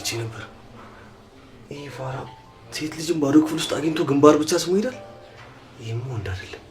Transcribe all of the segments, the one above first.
ተጣልቼ ነበር። ይህ ፋራ ሴት ልጅም ባዶ ክፍል ውስጥ አግኝቶ ግንባር ብቻ ስሙ ይሄዳል። ይህም ወንድ አይደለም።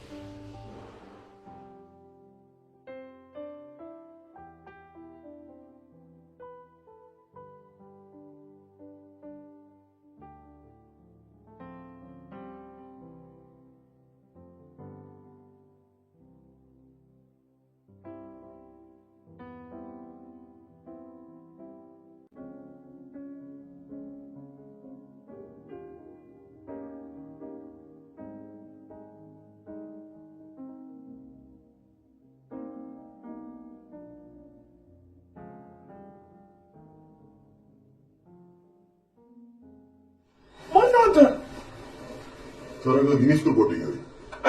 ተረጋ ሚኒስትር ጓደኛ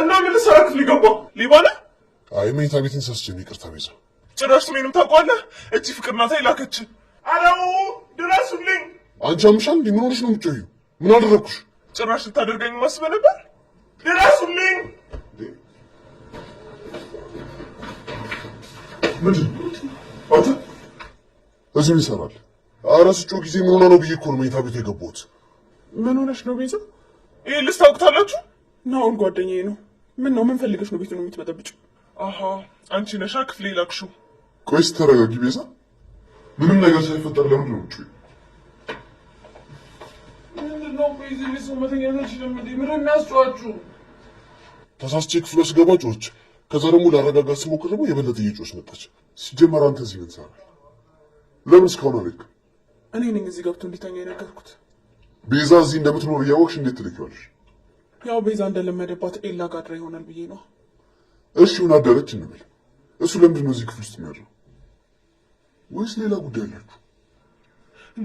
እና ምን ልሰራ ክፍል ገባ ሊባለ አይ መኝታ ቤትን ሰስቼ ነው። ይቅርታ ቤዛ፣ ጭራሽ ስሜንም ታውቀዋለህ። እቺ ፍቅር ናታ ይላከች። አለው ድረሱልኝ። አንቺ አምሻል እንዴ? ምን ሆነሽ ነው የምትጮይው? ምን አደረግኩሽ? ጭራሽ ልታደርገኝ ማስበ ነበር። ድረሱልኝ። ምንድን አንተ እዚህ ይሰራል? አረ ስጮህ ጊዜ ምን ሆነ ነው ብዬ እኮ ነው መኝታ ቤት የገባሁት። ምን ሆነሽ ነው ቤዛ? ይህ ልስ ታውቅታላችሁ? ናሁን ጓደኛዬ ነው። ምን ነው ምን ፈልገሽ ነው ቤት ነው የምትበጠብጭ? አሀ አንቺ ነሻ ክፍሌ ላክሹ። ቆይ ስተረጋጊ ቤዛ፣ ምንም ነገር ሳይፈጠር ለምንድን ነው ውጭ? ምን ተሳስቼ ክፍሏ ስገባ ጮች፣ ከዛ ደግሞ ላረጋጋት ስሞክር ደግሞ የበለጠ እየጮች መጣች። ሲጀመር አንተ እዚህ ምን ትሰራለህ? ለምን እስካሁን እኔ ነኝ እዚህ ገብቶ እንዲተኛ የነገርኩት። ቤዛ እዚህ እንደምትኖር እያወቅሽ እንዴት ትልኪዋለሽ? ያው ቤዛ እንደለመደባት ኤላ ጋድራ ይሆናል ብዬ ነው። እሺ ሁን አደረች እንበል። እሱ ለምንድን ነው እዚህ ክፍል ውስጥ የሚያድረው? ወይስ ሌላ ጉዳይ አላችሁ?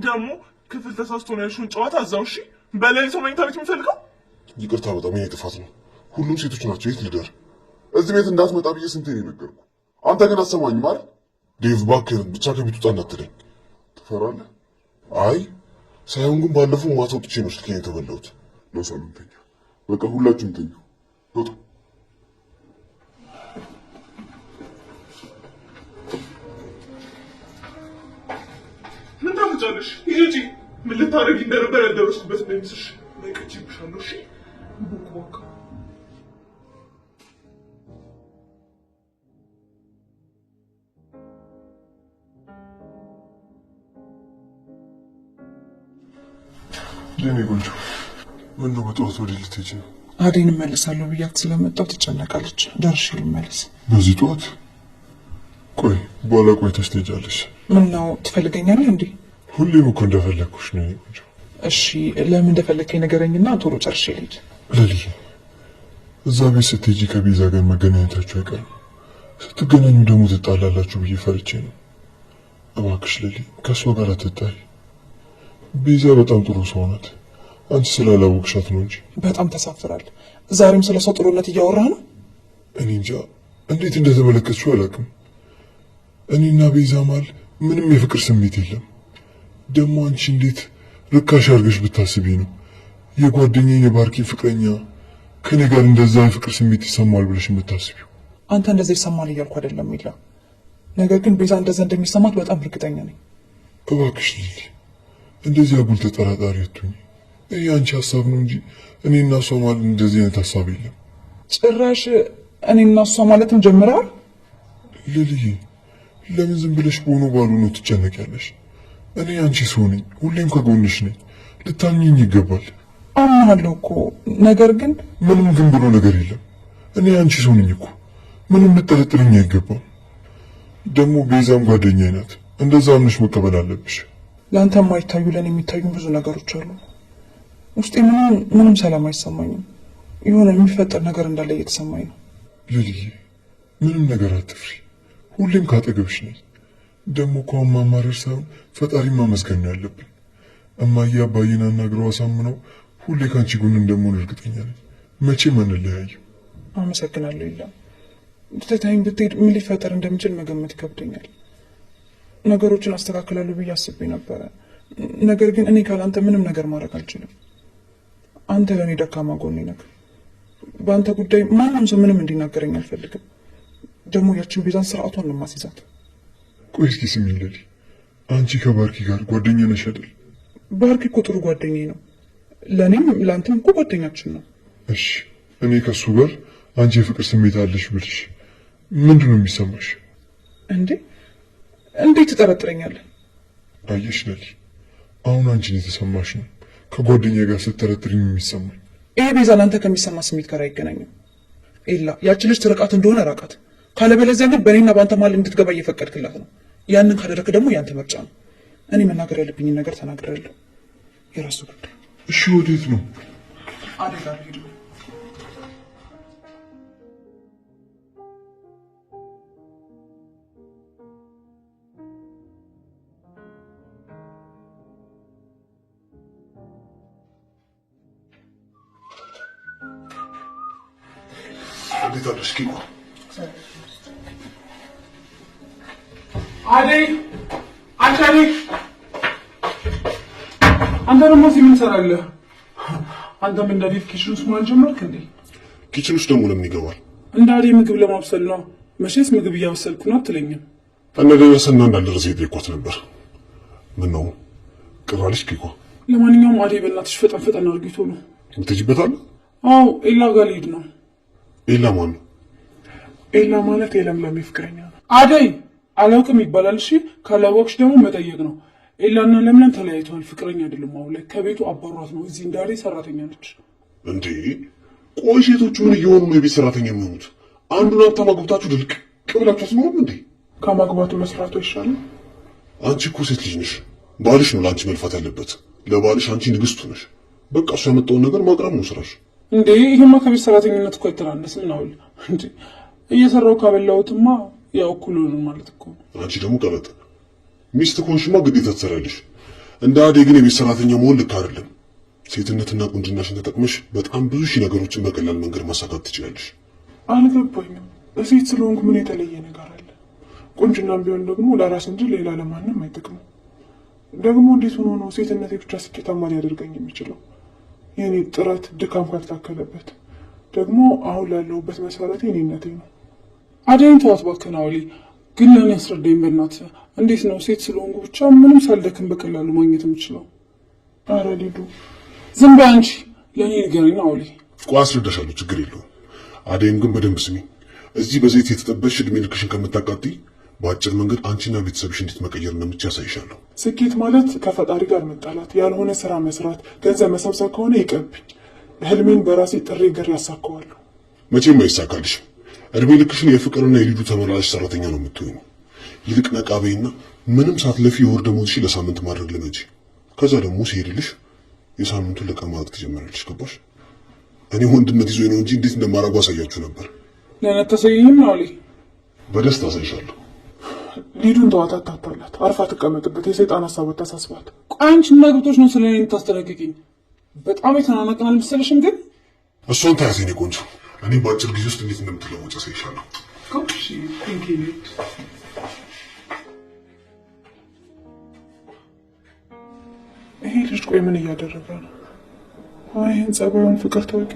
ደግሞ ክፍል ተሳስቶ ነው ያልሽውን ጨዋታ እዛው። እሺ በሌሊት ሰው መኝታ ቤት የሚፈልገው? ይቅርታ በጣም የኔ ጥፋት ነው። ሁሉም ሴቶች ናቸው። የት ልደር? እዚህ ቤት እንዳትመጣ ብዬ ስንቴን የነገርኩ። አንተ ግን አሰማኝ ማለት ዴቭ፣ እባክህን ብቻ ከቤት ውጣ እንዳትለኝ። ትፈራለህ? አይ ሳይሆን ግን ባለፈው ማታ ወጥቼ ነው ስልኬን የተበላሁት። ለሳምንተኛ በቃ ሁላችሁም ተኙ። ወጣ ምን ታመጫለሽ? ይሄ ምን ልታደርጊ እንደነበር ያደረስኩበት ነው የሚመስልሽ? የኔ ቆንጆ ነው በጠዋት ወደ ልትሄጂ ነው? አዴን እመለሳለሁ ብያት ስለመጣሁ ትጨነቃለች። ደርሼ ልመለስ በዚህ ጠዋት? ቆይ በኋላ ቆይተሽ ትሄጃለሽ። ነው ትፈልገኛለህ እንዴ? ሁሌም እኮ እንደፈለግኩሽ ነው የኔ ቆንጆ። እሺ ለምን እንደፈለግከኝ ንገረኝና ቶሎ ጨርሼ ልሂድ። ለልዬ እዛ ቤት ስትሄጂ ከቤዛ ጋር መገናኘታችሁ አይቀርም። ስትገናኙ ደግሞ ትጣላላችሁ ብዬ ፈርቼ ነው። እባክሽ ለልዬ ከእሷ ጋር አትጣይ። ቤዛ በጣም ጥሩ ሰው ናት። አንቺ ስላላወቅሻት ነው እንጂ። በጣም ተሳፍራል። ዛሬም ስለ ሰው ጥሩነት እያወራህ ነው። እኔ እንጃ እንዴት እንደተመለከትሽው አላውቅም። እኔና ቤዛ መሀል ምንም የፍቅር ስሜት የለም። ደግሞ አንቺ እንዴት ርካሽ አድርገሽ ብታስቢ ነው የጓደኛዬ የባርኪ ፍቅረኛ ከኔ ጋር እንደዛ የፍቅር ስሜት ይሰማል ብለሽ የምታስቢው? አንተ እንደዛ ይሰማል እያልኩ አይደለም ሚላ፣ ነገር ግን ቤዛ እንደዛ እንደሚሰማት በጣም እርግጠኛ ነኝ። እባክሽ ልል እንደዚህ አጉል ተጠራጣሪ አትሁኝ። ይሄ አንቺ ሀሳብ ነው እንጂ እኔ እና እሷ ማለት እንደዚህ አይነት ሀሳብ የለም። ጭራሽ እኔ እና እሷ ማለትም ጀምረዋል። ልልዬ ለምን ዝም ብለሽ በሆነ ባሉ ነው ትጨነቂያለሽ? እኔ አንቺ ሰው ነኝ፣ ሁሌም ከጎንሽ ነኝ። ልታምኚኝ ይገባል። አምናለሁ እኮ ነገር ግን ምንም ግን ብሎ ነገር የለም። እኔ አንቺ ሰው ነኝ እኮ ምንም ልጠረጥርኝ አይገባም። ደግሞ ቤዛም ጓደኛ ናት። እንደዛ አምነሽ መቀበል አለብሽ። ለአንተ የማይታዩ ለእኔ የሚታዩ ብዙ ነገሮች አሉ። ውስጤ ምንም ምንም ሰላም አይሰማኝም። የሆነ የሚፈጠር ነገር እንዳለ እየተሰማኝ ነው። ሉልዬ፣ ምንም ነገር አትፍሪ። ሁሌም ካጠገብሽ ነኝ። ደግሞ እኮ ማማረር ሳይሆን ፈጣሪ ማመስገን ነው ያለብን። እማዬ አባዬን አናግረው አሳምነው ሁሌ ከአንቺ ጎን እንደምሆን እርግጠኛ ነኝ። መቼም አንለያይም። አመሰግናለሁ። የለም ትታይም ብትሄድ ምን ሊፈጠር እንደሚችል መገመት ይከብደኛል። ነገሮችን አስተካክላለሁ ብዬ አስቤ ነበረ። ነገር ግን እኔ ካላንተ ምንም ነገር ማድረግ አልችልም። አንተ ለእኔ ደካማ ጎኔ ነህ። በአንተ ጉዳይ ማንም ሰው ምንም እንዲናገረኝ አልፈልግም። ደግሞ ያችን ቤዛን ስርዓቷን ለማስይዛት። ቆይ እስኪ ስሚኝ ለሊ፣ አንቺ ከባርኪ ጋር ጓደኛ ነሽ አይደል? ባርኪ እኮ ጥሩ ጓደኛዬ ነው። ለእኔም ለአንተም እኮ ጓደኛችን ነው። እሺ እኔ ከሱ ጋር አንቺ የፍቅር ስሜት አለሽ ብልሽ ምንድን ነው የሚሰማሽ እንዴ? እንዴት ትጠረጥረኛለህ? ባየሽ ነል፣ አሁን አንቺን የተሰማሽ ነው ከጓደኛ ጋር ስትጠረጥሪኝ የሚሰማኝ። ይሄ ቤዛ ለአንተ ከሚሰማ ስሜት ጋር አይገናኝም። ኤላ፣ ያቺ ልጅ ትርቃት እንደሆነ ራቃት። ካለበለዚያ ግን በእኔና በአንተ መሀል እንድትገባ እየፈቀድክላት ነው። ያንን ካደረክ ደግሞ ያንተ ምርጫ ነው። እኔ መናገር ያለብኝን ነገር ተናግሬያለሁ። የራሱ ጉዳይ። እሺ፣ ወዴት ነው? አደጋ ሄድ አደጋ ድስኪ ነው አደይ አንተ ደግሞ እዚህ ምን ትሰራለህ? አንተም እንደ አዴት ኪችን ውስጥ መዋል ጀመርክ እንዴ? ኪችን ውስጥ ደግሞ ለምን ይገባል? እንደ አዴ ምግብ ለማብሰል ነው። መቼስ ምግብ እያበሰልኩ ነው አትለኝም። እንደደረሰና እንዳልደረሰ የጠየኳት ነበር። ምን ነው ቅር አለች ኪኮ? ለማንኛውም አዴ በእናትሽ ፈጠን ፈጠን አድርጊቶ ነው የምትሄጂበት አለ? አዎ ኤላ ጋር ልሄድ ነው። ኤላ ማን ነው? ኤላ ማለት የለምለም ፍቅረኛ ነው። አደይ አላውቅም ይባላል። እሺ ካላወቅሽ ደግሞ መጠየቅ ነው። ኤላና ለምለም ተለያይተዋል። ፍቅረኛ አይደለም። አሁን ላይ ከቤቱ አባሯት ነው። እዚህ እንዳሬ ሰራተኛ ነች። እንዴ ቆይ ሴቶቹ ምን እየሆኑ ነው የቤት ሰራተኛ የሚሆኑት? አንዱን ሀብታም አግብታችሁ ድልቅ ቅብላችሁ አስኖሩም እንዴ? ከማግባቱ መስራቱ ይሻላል። አንቺ እኮ ሴት ልጅ ነሽ። ባልሽ ነው ለአንቺ መልፋት ያለበት። ለባልሽ አንቺ ንግስቱ ነሽ። በቃ እሱ ያመጣውን ነገር ማቅረብ ነው ስራሽ። እንዴ ይህ ከቤት ሰራተኝነት እኮ አይተናነስም ምናውል እየሰራው ካበላሁትማ ያው እኩል ማለት እኮ አንቺ ደግሞ ቀበጥ ሚስት ከሆንሽማ ግዴታ ትሰራለሽ እንደ አዴ ግን የቤት ሰራተኛ መሆን ልክ አይደለም ሴትነትና ቁንጅናሽን ተጠቅመሽ በጣም ብዙ ሺህ ነገሮችን በቀላል መንገድ ማሳካት ትችላለሽ አልገባኝም በሴት ስለሆንኩ ምን የተለየ ነገር አለ ቁንጅናም ቢሆን ደግሞ ለራስ እንጂ ሌላ ለማንም አይጠቅምም ደግሞ እንዴት ሆኖ ነው ሴትነቴ ብቻ ስኬታማ ሊያደርገኝ የሚችለው የኔ ጥረት ድካም ካልታከለበት ደግሞ አሁን ላለሁበት መሰረት የኔነቴ ነው። አደይን ተዋት እባክህን አውሊ። ግን ለእኔ ያስረዳኝ በእናትህ። እንዴት ነው ሴት ስለሆንኩ ብቻ ምንም ሳልደክም በቀላሉ ማግኘት የምችለው? አረ ሊዱ ዝም በይ አንቺ። ለእኔ ንገሪኝ አውሊ። ቆይ አስረዳሻለሁ፣ ችግር የለውም። አደይም ግን በደንብ ስሚ። እዚህ በዘይት የተጠበሽ እድሜ ልክሽን ከምታቃጥይ በአጭር መንገድ አንቺና ቤተሰብሽ እንዴት መቀየር እንደምትችይ ያሳይሻለሁ። ስኬት ማለት ከፈጣሪ ጋር መጣላት፣ ያልሆነ ስራ መስራት፣ ገንዘብ መሰብሰብ ከሆነ ይቀብኝ። ህልሜን በራሴ ጥሬ ገር ያሳካዋለሁ። መቼም አይሳካልሽም። እድሜ ልክሽን የፍቅርና የልጁ ተመላላሽ ሰራተኛ ነው የምትሆኑ። ይልቅ ነቃ ምንም ምንም ሳትለፊ የወር ደመወዝሽ ለሳምንት ማድረግ ልመጂ። ከዛ ደግሞ ሲሄድልሽ የሳምንቱን ለቀ ማለት ትጀምራለሽ። ገባሽ? እኔ ወንድነት ይዞ ነው እንጂ እንዴት እንደማረጉ አሳያችሁ ነበር። ለነተሰይህም ነው በደስታ አሳይሻለሁ። ሊዱን ተዋት፣ አታታላት፣ አርፋ ትቀመጥበት። የሰይጣን ሀሳብ አታሳስባት። ቆይ አንቺ ምን አግብቶሽ ነው ስለ እኔ የምታስጠነቅቂኝ? በጣም የተናናቅን አልመሰለሽም? ግን እሱን ተያዝ የእኔ ቆንጆ። እኔ በአጭር ጊዜ ውስጥ እንዴት እንደምትለወጭ አሳይሻለሁ። ይሄ ልጅ ቆይ ምን እያደረገ ነው? ይህን ጸባዩን ፍቅር ታወቂ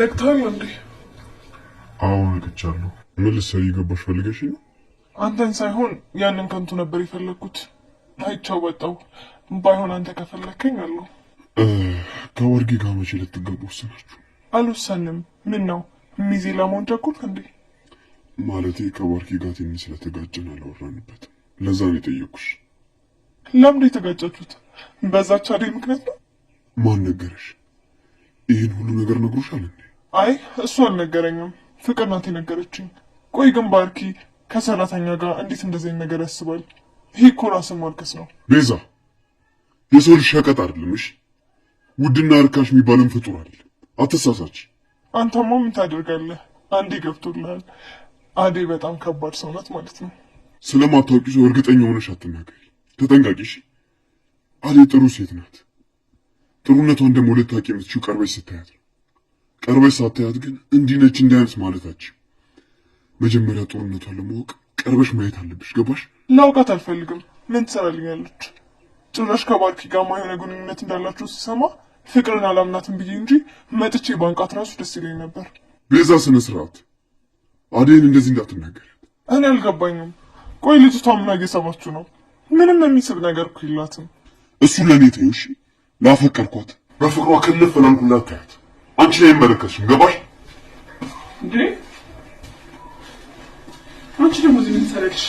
ነግተሃል እንዴ? አዎ ነግቻለሁ። ምን ልትሰሪ ገባሽ? ፈልገሽ ነው? አንተን ሳይሆን ያንን ከንቱ ነበር የፈለግኩት። አይቻው ወጣው። ባይሆን አንተ ከፈለከኝ አለው። ከወርጌ ጋር መቼ ልትገቡ ወሰናችሁ? አልወሰንም። ምን ነው ሚዜ ለመሆን ቸኮልክ እንዴ? ማለቴ ከወርጌ ጋር ትንሽ ስለተጋጨን አላወራንበትም። ለዛ ነው የጠየኩሽ። ለምንድን የተጋጫችሁት? በዛች አደይ ምክንያት ነው? ማን ነገረሽ? ይህን ሁሉ ነገር ነግሮሻል እንዴ? አይ እሱ አልነገረኝም፣ ፍቅር ናት የነገረችኝ። ቆይ ግን ባርኪ ከሰራተኛ ጋር እንዴት እንደዚህ ነገር ያስባል? ይህ እኮ ራስን ማልከስ ነው። ቤዛ የሰው ልጅ ሸቀጥ አይደለም። እሺ ውድና እርካሽ የሚባልም ፍጡር አይደለም። አትሳሳች። አንተማ ምን ታደርጋለህ? አንዴ ገብቶልሃል። አዴ በጣም ከባድ ሰው ናት ማለት ነው። ስለማታውቂ ሰው እርግጠኛ ሆነሽ አትናገሪ። ተጠንቃቂሽ። አዴ ጥሩ ሴት ናት። ጥሩነቷን ደግሞ ልታውቂ የምትችው ቀርበሽ ስታያት ነው። ቀርበሽ ሳታያት ግን እንዲህ ነች እንዲህ አይነት ማለታችን መጀመሪያ ጥሩነቷን ለማወቅ ቀርበሽ ማየት አለብሽ። ገባሽ? ላውቃት አልፈልግም። ምን ትሰራልኛለች? ጭራሽ ከባርኪ ጋር የሆነ ግንኙነት እንዳላቸው ሲሰማ ፍቅርን አላምናትም ብዬ እንጂ መጥቼ ባንቃት ራሱ ደስ ይለኝ ነበር። ቤዛ፣ ስነ ስርዓት አዴን እንደዚህ እንዳትናገር። እኔ አልገባኝም። ቆይ ልጅቷ ምን እየሰማችሁ ነው? ምንም የሚስብ ነገር እኮ የላትም። እሱ ለእኔ ተይው እሺ ላፈቀርኳት በፍቅሯ ክልፍ ላልኩላት ታያት አንቺ ላይ አይመለከትሽም። ገባሽ እንዴ? አንቺ ደግሞ እዚህ ምን ትሰሪያለሽ?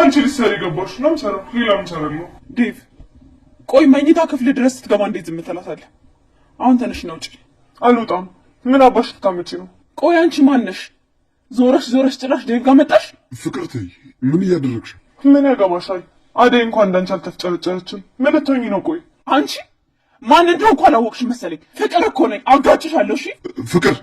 አንቺ ልትሰሪ ገባሽ? ነው የምሰራው፣ ሌላ የምሰራው ነው። ዴቭ ቆይ፣ መኝታ ክፍል ድረስ ስትገባ እንዴት ዝም ትላታለህ? አሁን ተነሽ ነው ውጪ። አልወጣም። ምን አባሽ ልታመጪ ነው? ቆይ አንቺ ማነሽ ዞረሽ ዞረሽ ጭራሽ ዴቭ ጋር መጣሽ። ፍቅርት ምን እያደረግሽ? ምን ያገባሻል? አደይ እንኳን እንዳንቺ አልተፍጨረጨረችም። ምን ልትሆኚ ነው? ቆይ አንቺ ማን እንደሆንኩ አላወቅሽ መሰለኝ። ፍቅር እኮ ነኝ። አጋጭሻለሁ። እሺ ፍቅር